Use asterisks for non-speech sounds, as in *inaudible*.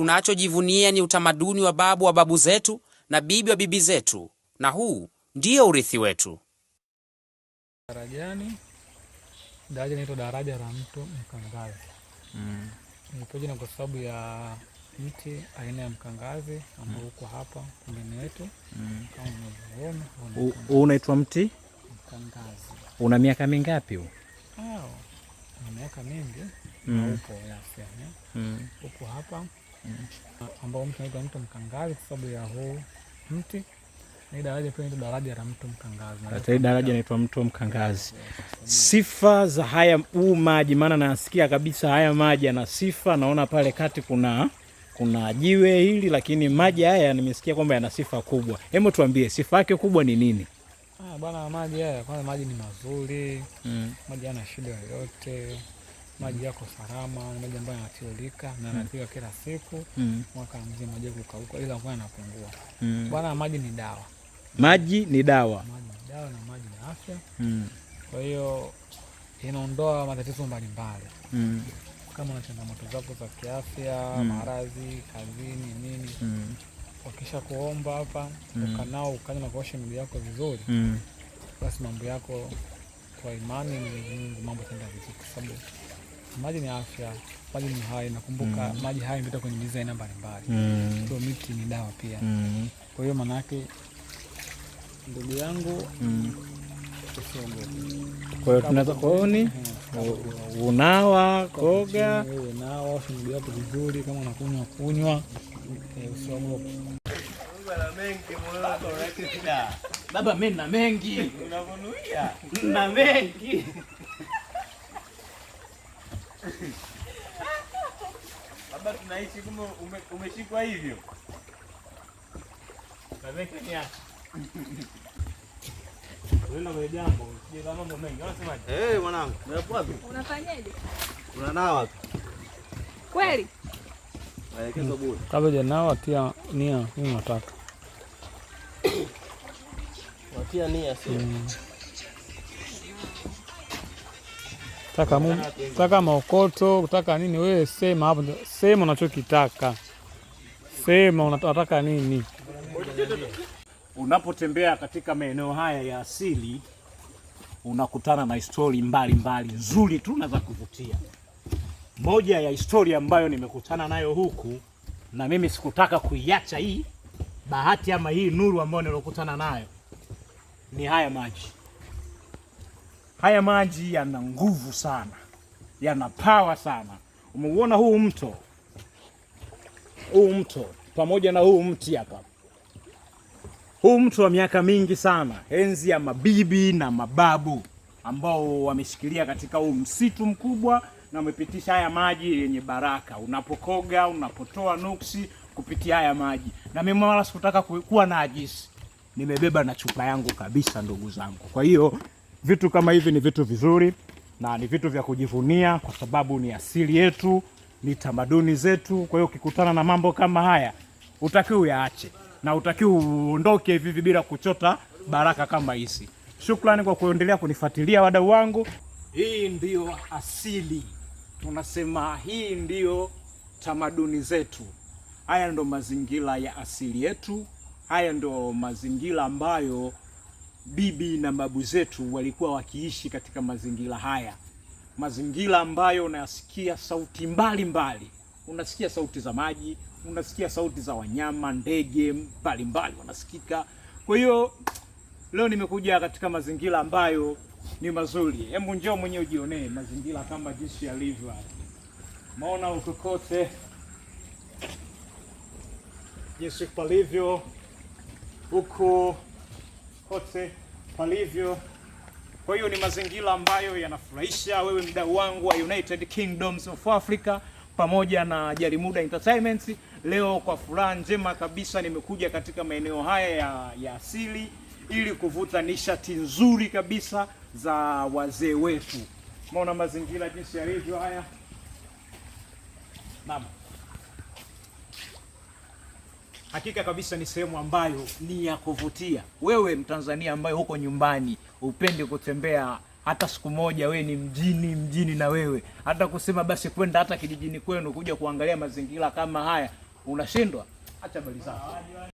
Tunachojivunia ni utamaduni wa babu wa babu zetu na bibi wa bibi zetu, na huu ndio urithi wetu. Darajani, daraja inaitwa daraja la mto Mkangazi. Mm. Nipoje na kwa sababu ya mti aina ya mkangazi ambao mm. uko hapa pembeni yetu. Mm. Kama unavyoona, huu unaitwa mti mkangazi. Una miaka mingapi huu? Ah, una miaka mingi. Mm. Na upo ya, mm. Uko hapa Eh, ambao mtu anaitwa mtu Mkangazi kwa sababu ya huu mti ni daraja pia ni daraja la mtu Mkangazi. Hata hii daraja inaitwa mtu Mkangazi. Sifa za haya huu maji, maana nasikia kabisa haya maji yana sifa. Naona pale kati kuna kuna jiwe hili, lakini maji haya nimesikia kwamba yana sifa kubwa. Hebu tuambie sifa yake kubwa ni nini? Ah, bwana, maji haya kwanza, maji ni mazuri mm. maji yana shida yoyote maji yako salama, maji ambayo yanatiririka na mm. kila siku mm. mwaka mzima, je kukauka, ila kwa yanapungua mm. Bwana, maji ni dawa, maji ni dawa, maji ni dawa na maji ni afya mm. kwa hiyo inaondoa matatizo mbalimbali mm. kama na changamoto zako za kiafya mm. maradhi, kazini, nini mm. wakisha kuomba hapa mm. ukanao ukanywa na kuosha miguu yako vizuri mm. basi mambo yako kwa imani Mwenyezi Mungu mambo tenda vizuri kwa sababu maji ni afya, maji ni hai. Nakumbuka mm. maji hai yamepita kwenye mizizi aina mbalimbali mm. so miti ni dawa pia mm. kwa hiyo manaake ndugu yangu mm. kuoni unawa koga unawa shughuli yako vizuri, kama unakunywa kunywa eh, usiogope. Baba, mimi na mengi na mengi Baba tunaishi kumbe umeshikwa hivyo. *laughs* Mwanangu, unafanyaje? Unanawa tu. Kweli? Kabla janawa tia nia, mimi nataka. Watia nia sio. Mm. taka, taka maokoto taka nini wewe, sema hapo, sema unachokitaka, sema unataka nini. Unapotembea katika maeneo haya ya asili unakutana na histori mbalimbali nzuri tu na za kuvutia. Moja ya historia ambayo nimekutana nayo huku na mimi sikutaka kuiacha hii bahati ama hii nuru ambayo nilokutana nayo ni haya maji. Haya maji yana nguvu sana, yana pawa sana. Umeuona huu mto, huu mto pamoja na huu mti hapa. Huu mto wa miaka mingi sana, enzi ya mabibi na mababu ambao wameshikilia katika huu msitu mkubwa na wamepitisha haya maji yenye baraka. Unapokoga, unapotoa nuksi kupitia haya maji, na mimi wala sikutaka kuwa na ajisi, nimebeba na chupa yangu kabisa, ndugu zangu, kwa hiyo Vitu kama hivi ni vitu vizuri na ni vitu vya kujivunia kwa sababu ni asili yetu, ni tamaduni zetu. Kwa hiyo ukikutana na mambo kama haya utaki uyaache na utaki uondoke hivi bila kuchota baraka kama hizi. Shukrani kwa kuendelea kunifuatilia wadau wangu. Hii ndiyo asili, tunasema hii ndiyo tamaduni zetu. Haya ndo mazingira ya asili yetu, haya ndo mazingira ambayo bibi na babu zetu walikuwa wakiishi katika mazingira haya, mazingira ambayo unasikia sauti mbalimbali mbali. Unasikia sauti za maji, unasikia sauti za wanyama, ndege mbalimbali wanasikika. Kwa hiyo leo nimekuja katika mazingira ambayo ni mazuri. Hebu njoo mwenyewe ujionee mazingira kama jinsi yalivyo. Maona ukokote jinsi palivyo huku kote palivyo. Kwa hiyo ni mazingira ambayo yanafurahisha. Wewe mdau wangu wa United Kingdoms of Africa pamoja na Jarimuda Entertainment, leo kwa furaha njema kabisa nimekuja katika maeneo haya ya, ya asili ili kuvuta nishati nzuri kabisa za wazee wetu. Maona mazingira jinsi yalivyo haya, mama. Hakika kabisa ni sehemu ambayo ni ya kuvutia. Wewe Mtanzania ambaye huko nyumbani upende kutembea hata siku moja, wewe ni mjini mjini, na wewe hata kusema basi kwenda hata kijijini kwenu kuja kuangalia mazingira kama haya unashindwa, acha bali zako.